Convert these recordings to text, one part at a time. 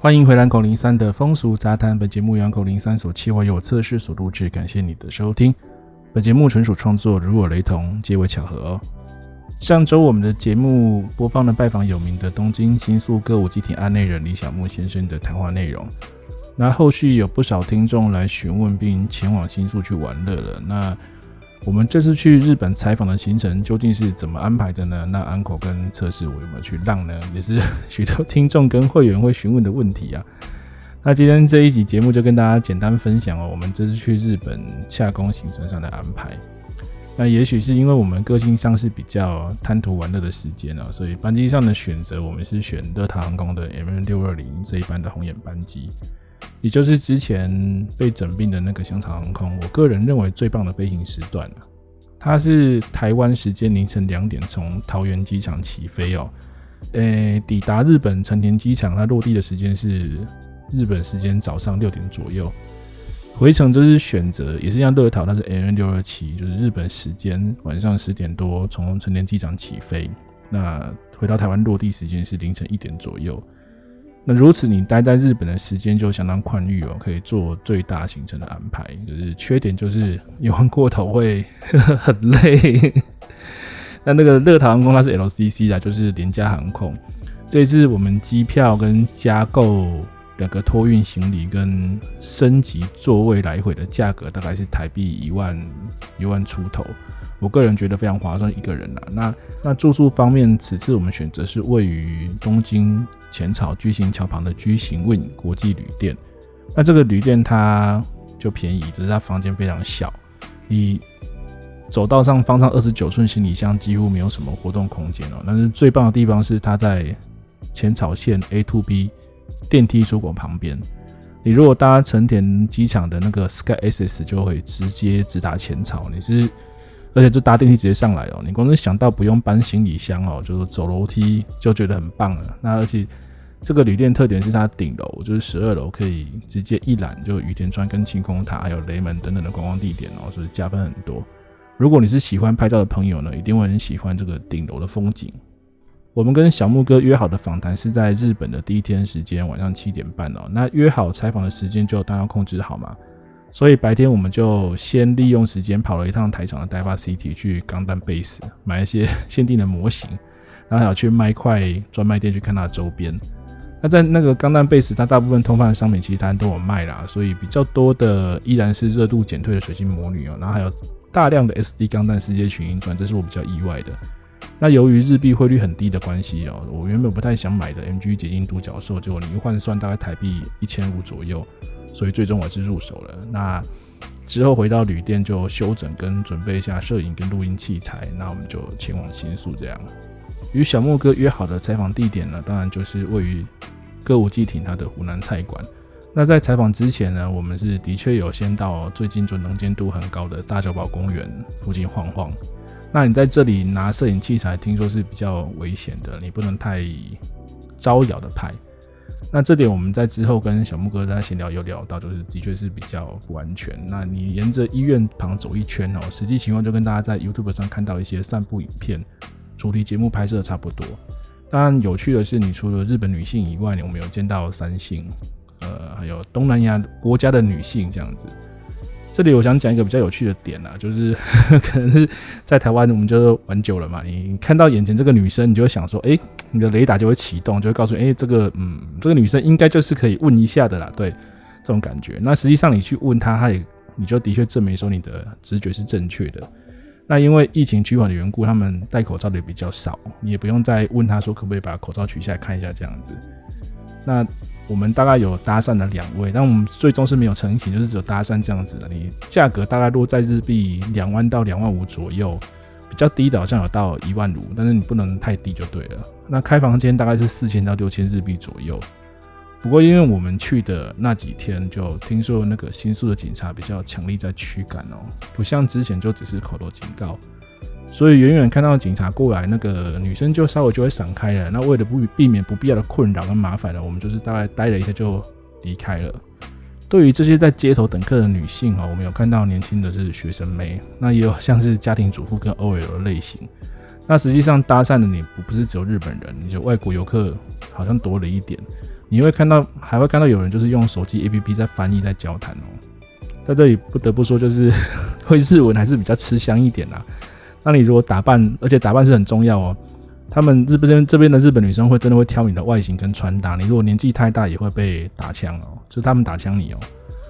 歡迎回來 Uncle03 的風俗雜談。本節目由 Uncle03 所策劃，由策士所錄製。感謝你的收聽。本節目純屬創作，如有雷同，皆為巧合哦。上週我們的節目播放了拜訪有名的東京新宿歌舞伎町案內人李小牧先生的談話內容。那後續有不少聽眾來詢問，並前往新宿去玩樂了。那我們這次去日本採訪的行程究竟是怎麼安排的呢？那 uncle 跟策士我有沒有去浪呢，也是許多聽眾跟會員會詢問的問題啊。那今天這一集節目就跟大家簡單分享了、哦、我們這次去日本洽公行程上的安排。那也許是因為我們個性上是比較貪圖玩樂的時間啊、哦，所以班機上的選擇我們是選樂桃航空的 M 六二零這一班的紅眼班機。也就是之前被整併的那個香草航空，我個人認為最棒的飛行時段，它是台灣時間凌晨兩點從桃園機場起飛哦，誒、欸，抵達日本成田機場，它落地的時間是日本時間早上六點左右。回程就是選擇也是像樂桃，它是 AN 六二七，就是日本時間晚上十點多從成田機場起飛，那回到台灣落地時間是凌晨一點左右。那如此，你待在日本的時間就相當寬裕哦、喔，可以做最大行程的安排。就是缺點就是遊玩過頭會 很累。 那那個樂桃航空它是 LCC 的，就是廉價航空。這一次我們機票跟加購，兩個托運行李跟升級座位來回的價格大概是台幣一萬一萬出頭，我個人覺得非常划算一個人啦、啊。那那住宿方面，此次我們選擇是位於東京淺草駒形橋旁的駒形 Win 國際旅店。那這個旅店它就便宜，只是它房間非常小，你走道上放上二十九寸行李箱幾乎沒有什麼活動空間哦。但是最棒的地方是它在淺草線 A to B。電梯出口旁邊，你如果搭成田機場的那個 Sky Access 就會直接直達淺草，你是，而且就搭電梯直接上來哦、喔，你光是想到不用搬行李箱哦、喔，就是走樓梯就覺得很棒了。那而且這個旅店特點是它頂樓，就是十二樓可以直接一覽，就隅田川跟晴空塔還有雷門等等的觀光地點哦、喔，就是加分很多。如果你是喜歡拍照的朋友呢，一定會很喜歡這個頂樓的風景。我們跟小牧哥約好的訪談是在日本的第一天時間晚上七點半哦。那約好採訪的時間就大家要控制好嘛。所以白天我們就先利用時間跑了一趟台場的 Diver City 去鋼彈 Base 買一些限 定的模型，然後還有去麥塊專賣店去看它的周邊。那在那個鋼彈 Base，它大部分通販的商品其實大都有賣啦，所以比較多的依然是熱度減退的水晶魔女哦，然後還有大量的 SD 鋼彈世界群英傳，這是我比較意外的。那由於日幣匯率很低的關係哦，我原本不太想買的 MG 結晶獨角獸，結果你一換算大概台幣一千五左右，所以最終我是入手了。那之後回到旅店就休整跟準備一下攝影跟錄音器材，那我們就前往新宿這樣。與小牧哥約好的採訪地點呢，當然就是位於歌舞伎町他的湖南菜館。那在採訪之前呢，我們是的確有先到最近準能見度很高的大久保公園附近晃晃。那你在這裡拿攝影器材，聽說是比較危險的，你不能太招搖的拍。那這點我們在之後跟小牧哥在閒聊有聊到，就是的確是比較不安全。那你沿着醫院旁走一圈哦，實際情況就跟大家在 YouTube 上看到一些散步影片、主題節目拍攝差不多。當然有趣的是，你除了日本女性以外呢，我們有見到三星，呃，還有東南亞國家的女性這樣子。這裡我想講一個比較有趣的點啊，就是可能是在台灣，我們就玩久了嘛，你看到眼前這個女生，你就會想說，哎、欸，你的雷達就會啟動，就會告訴，哎、欸，這個，嗯，這個女生應該就是可以問一下的啦，對，這種感覺。那實際上你去問她，她也，你就的確證明說你的直覺是正確的。那因為疫情趨緩的緣故，他們戴口罩的也比較少，你也不用再問她說可不可以把口罩取下來看一下這樣子。那我們大概有搭訕了兩位，但我們最終是沒有成行，就是只有搭訕這樣子的。你價格大概落在日幣兩萬到兩萬五左右，比較低的好像有到一萬五，但是你不能太低就對了。那開房間大概是四千到六千日幣左右，不過因為我們去的那幾天，就聽說那個新宿的警察，比較強力在驅趕哦，不像之前就只是口頭警告。所以遠遠看到警察過來，那個女生就稍微就會閃開了。那為了不避免不必要的困擾跟麻煩呢，我們就是大概待了一下就離開了。對於這些在街頭等客的女性哦，我們有看到年輕的，是學生妹，那也有像是家庭主婦跟 OL 的類型。那實際上搭訕的你不是只有日本人，就外國遊客好像多了一點。你會看到還會看到有人就是用手機 APP 在翻譯在交談哦。在這裡不得不說，就是 會日文還是比較吃香一點啊。那你如果打扮，而且打扮是很重要哦。他們日本這邊的日本女生會真的會挑你的外形跟穿搭。你如果年紀太大，也會被打槍哦，就他們打槍你哦。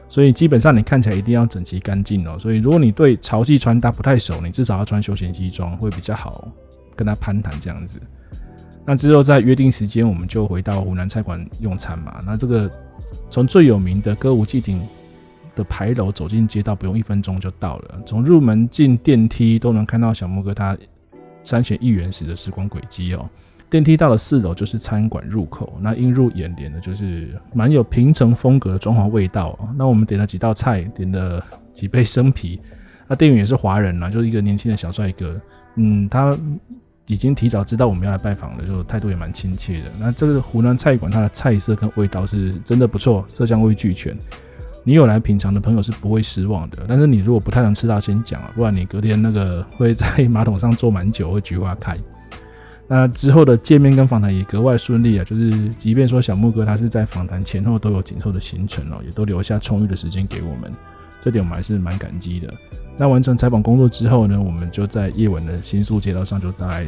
所以基本上你看起來一定要整齊乾淨哦。所以如果你對潮系穿搭不太熟，你至少要穿休閒西裝會比較好，跟他攀談這樣子。那之後在約定時間，我們就回到湖南菜館用餐嘛。那這個從最有名的歌舞伎町，的牌樓走進街道，不用一分鐘就到了。從入門進電梯都能看到小牧哥他參選議員時的時光軌跡哦。電梯到了四樓就是餐館入口，那映入眼簾的就是蠻有平成風格的裝潢味道、哦。那我們點了幾道菜，點了幾杯生啤。那店員也是華人啦、啊，就是一個年輕的小帥哥。嗯，他已經提早知道我們要來拜訪了，就態度也蠻親切的。那這個湖南菜館它的菜色跟味道是真的不錯，色香味俱全。你有來品嘗的朋友是不會失望的，但是你如果不太能吃到先講啊，不然你隔天那個會在馬桶上坐蠻久，會菊花開。那之後的見面跟訪談也格外順利啊，就是即便說小牧哥他是在訪談前後都有緊湊的行程哦、喔，也都留下充裕的時間給我們，這點我們還是蠻感激的。那完成採訪工作之後呢，我們就在夜晚的新宿街道上就大概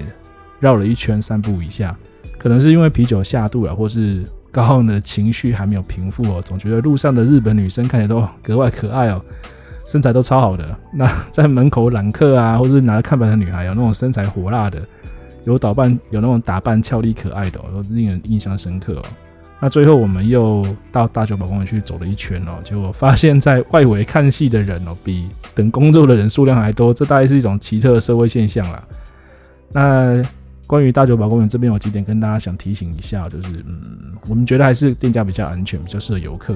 繞了一圈散步一下，可能是因為啤酒下肚了，或是。高浩的情緒還沒有平復哦，總覺得路上的日本女生看起來都格外可愛哦，身材都超好的。那在門口攬客啊，或者是拿着看板的女孩哦，有那種身材火辣的，有打扮有那種打扮俏麗可愛的哦，都令人印象深刻哦。那最後我們又到大久保公園去走了一圈哦，結果發現在外圍看戲的人哦，比等工作的人數量還多，這大概是一種奇特的社會現象啦。那。關於大久保公園這邊，有幾點跟大家想提醒一下，就是嗯，我們覺得還是店家比較安全，比較適合遊客。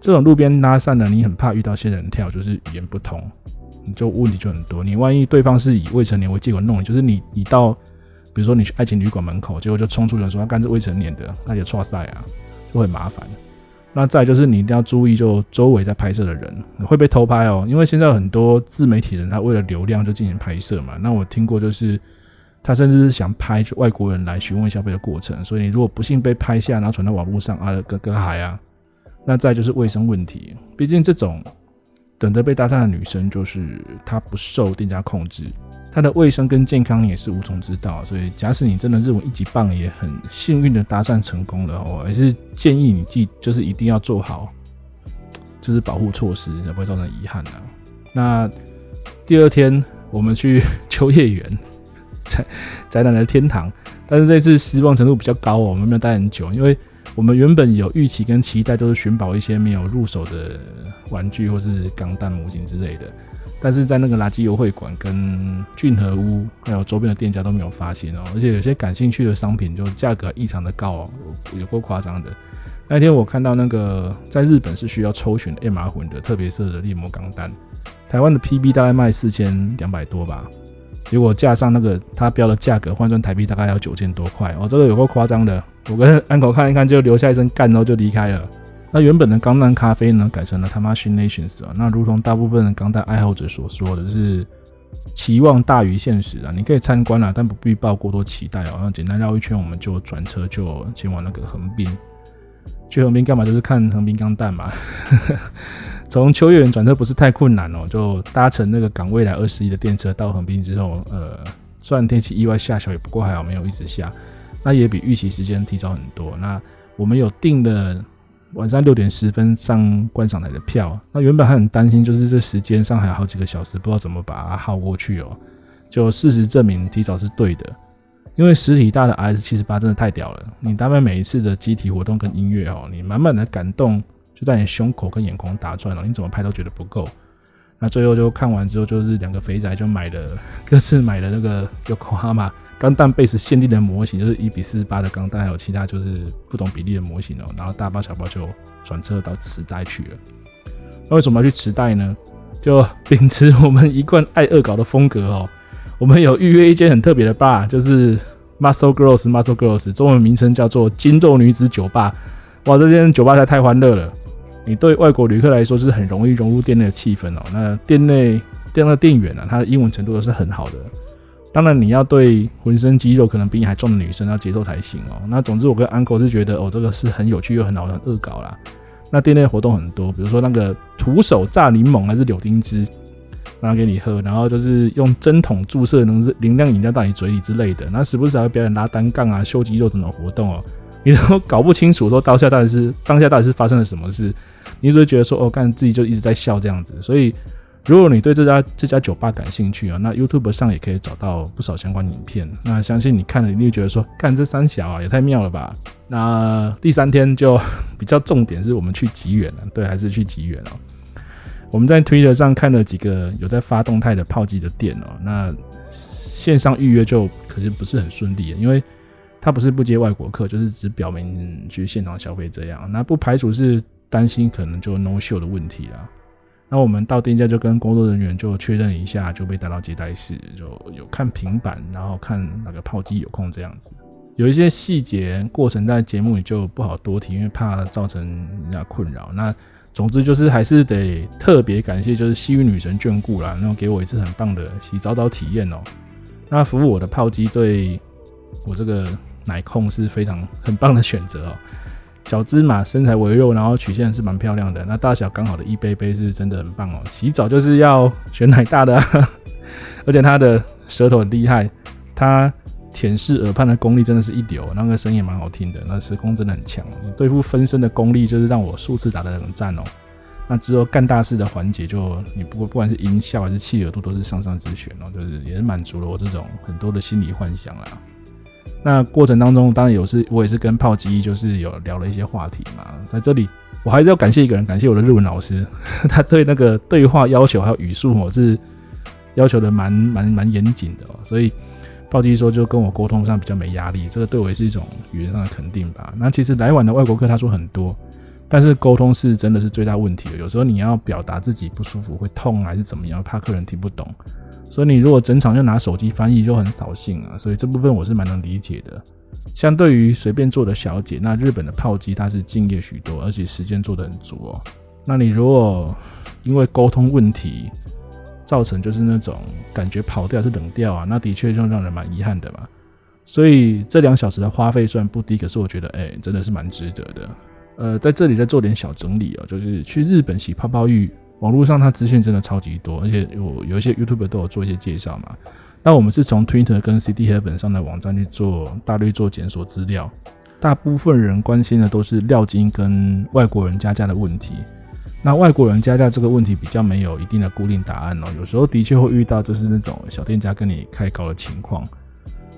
這種路邊搭訕的，你很怕遇到仙人跳，就是語言不通，你就問題就很多。你萬一對方是以未成年為借口弄，就是你你到，比如說你去愛情旅館門口，結果就衝出來說他幹這未成年的，那就剉賽啊，就很麻煩。那再就是你一定要注意，就周圍在拍攝的人會被偷拍哦，因為現在有很多自媒體人他為了流量就進行拍攝嘛。那我聽過就是。他甚至是想拍外國人來詢問消費的過程，所以你如果不幸被拍下，然後傳到網絡上啊，哥哥嗨啊，那再來就是衛生問題，畢竟這種等着被搭訕的女生，就是她不受店家控制，她的衛生跟健康也是無從知道，所以假使你真的認為一級棒也很幸運的搭訕成功了，我還是建議你記，就是一定要做好，就是保護措施，才不會造成遺憾啊。那第二天我們去秋葉原。宅男的天堂，但是這次失望程度比較高哦，我們沒有待很久，因為我們原本有預期跟期待，都是尋寶一些沒有入手的玩具或是鋼彈模型之類的，但是在那個垃圾優惠館跟駿河屋還有周邊的店家都沒有發現哦，而且有些感興趣的商品就價格異常的高哦，有夠誇張的。那天我看到那個在日本是需要抽選 MR 魂的特別色的獵魔鋼彈，台灣的 PB 大概賣四千兩百多吧。結果架上那個他標的價格換算台幣大概要九千多塊，我這個有夠誇張的，我跟 uncle 看一看就留下一聲幹，然後就離開了。那原本的鋼彈咖啡呢，改成了 Tamashii Nations 啊，那如同大部分的鋼彈愛好者所說的是期望大於現實啊，你可以參觀啊，但不必抱過多期待哦。那簡單繞一圈我們就轉車就前往那個橫濱，去橫濱幹嘛？就是看橫濱鋼彈嘛。 從秋葉原轉車不是太困難哦，就搭乘那個港未來二十一的電車到橫濱之後，呃，雖然天氣意外下小雨，也不過還好沒有一直下，那也比預期時間提早很多。那我們有訂了晚上六點十分上觀賞台的票，那原本還很擔心，就是這時間上還有好幾個小時，不知道怎麼把它耗過去哦。就事實證明提早是對的，因為實體大的 RX 七十八真的太屌了，你搭配每一次的集體活動跟音樂哦，你滿滿的感動。就在你胸口跟眼眶打轉了，你怎麼拍都覺得不夠。那最後就看完之後，就是兩個肥宅就買了，各自買了那個 YOKOHAMA 鋼彈貝斯限定的模型，就是一比四十八的鋼彈，還有其他就是不同比例的模型哦、喔。然後大包小包就轉車到池袋去了。那為什麼要去池袋呢？就秉持我們一貫愛惡搞的風格哦、喔，我們有預約一間很特別的吧，就是 Muscle Girls Muscle Girls，中文名稱叫做“筋肉女子酒吧”。哇，這間酒吧才太歡樂了！你對外國旅客來說是很容易融入店內的氣氛哦。那店內店那店員啊，他的英文程度都是很好的。當然你要對渾身肌肉可能比你還重的女生要接受才行哦。那總之我跟 Uncle 是覺得哦，這個是很有趣又很好的惡搞啦。那店內活動很多，比如說那個徒手榨檸檬還是柳丁汁，然後給你喝，然後就是用針筒注射能量飲料到你嘴裡之類的。那時不時還會表演拉單槓啊、秀肌肉等等活動哦。你都搞不清楚說當下到底是當下到底是發生了什麼事，你只會覺得說哦，看自己就一直在笑這樣子。所以，如果你對這家這家酒吧感興趣啊、哦，那 YouTube 上也可以找到不少相關影片。那相信你看了，你就覺得說，看這三小啊，也太妙了吧？那第三天就比較重點是我們去吉原了，對，還是去吉原哦？我們在 Twitter 上看了幾個有在發動態的泡姬的店哦，那線上預約就可是不是很順利，因為。他不是不接外國客，就是只表明去現場消費這樣。那不排除是擔心可能就 no show 的問題啦。那我們到店家就跟工作人員就確認一下，就被帶到接待室，就有看平板，然後看哪個泡姬有空這樣子。有一些細節過程在節目裡就不好多提，因為怕造成人家困擾。那總之就是還是得特別感謝，就是西域女神眷顧啦，然後給我一次很棒的洗澡澡體驗哦、喔。那服務我的泡姬對我這個。奶控是非常很棒的選擇哦，小芝麻身材微肉，然後曲線是蠻漂亮的。那大小剛好的一杯杯是真的很棒哦、喔。洗澡就是要選奶大的、啊，而且他的舌頭很厲害，他舔舐耳畔的功力真的是一流。那個聲音也蠻好聽的，那舌功真的很強、喔。對付分身的功力就是讓我數次打得很讚哦。那之後幹大事的環節就你不不管是音效還是契合度都是上上之選哦、喔，就是也是滿足了我這種很多的心理幻想啦。那過程當中，當然有是，我也是跟泡姬就是有聊了一些話題嘛。在這裡，我還是要感謝一個人，感謝我的日文老師，他對那個對話要求還有語速，我是要求的蠻蠻蠻嚴謹的哦。所以泡姬說就跟我溝通上比較沒壓力，這個對我也是一種語言上的肯定吧。那其實來晚的外國客，他說很多。但是溝通是真的是最大問題的，有時候你要表達自己不舒服、會痛還是怎麼樣，怕客人聽不懂，所以你如果整場就拿手機翻譯就很掃興啊。所以這部分我是蠻能理解的。相對於隨便做的小姐，那日本的泡姬它是敬業許多，而且時間做得很足哦。那你如果因為溝通問題造成就是那種感覺跑掉還是冷掉啊，那的確就讓人蠻遺憾的嘛。所以這兩小時的花費雖然不低，可是我覺得哎、欸，真的是蠻值得的。呃，在這裡再做點小整理啊、哦，就是去日本洗泡泡浴，網絡上它資訊真的超級多，而且有有一些 YouTuber 都有做一些介紹嘛。那我們是從 Twitter 跟 CD Heaven 上的網站去做大略做檢索資料，大部分人關心的都是料金跟外國人加價的問題。那外國人加價這個問題比較沒有一定的固定答案哦，有時候的確會遇到就是那種小店家跟你開高的情況。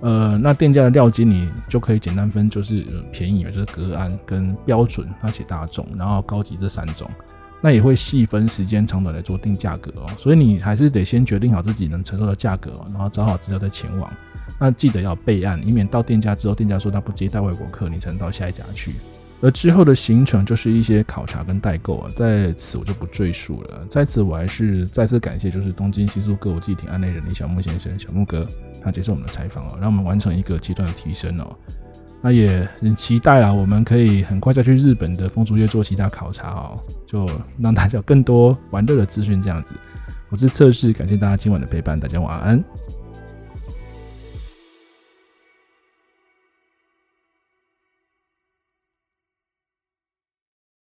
呃，那店家的料金你就可以簡單分，就是便宜，也就是格安跟標準，而且大眾，然後高級這三種。那也會細分時間長短來做定價格哦。所以你還是得先決定好自己能承受的價格，然後找好資料再前往。那記得要備案，以免到店家之後，店家說他不接待外國客，你才能到下一家去。而之後的行程就是一些考察跟代購啊，在此我就不贅述了。在此我還是再次感謝，就是東京新宿歌舞伎町案內人李小牧先生、小牧哥，他接受我們的採訪哦，讓我們完成一個階段的提升哦。那也很期待啊，我們可以很快再去日本的風俗業做其他考察哦，就讓大家有更多玩樂的資訊這樣子。我是策士，感謝大家今晚的陪伴，大家晚安。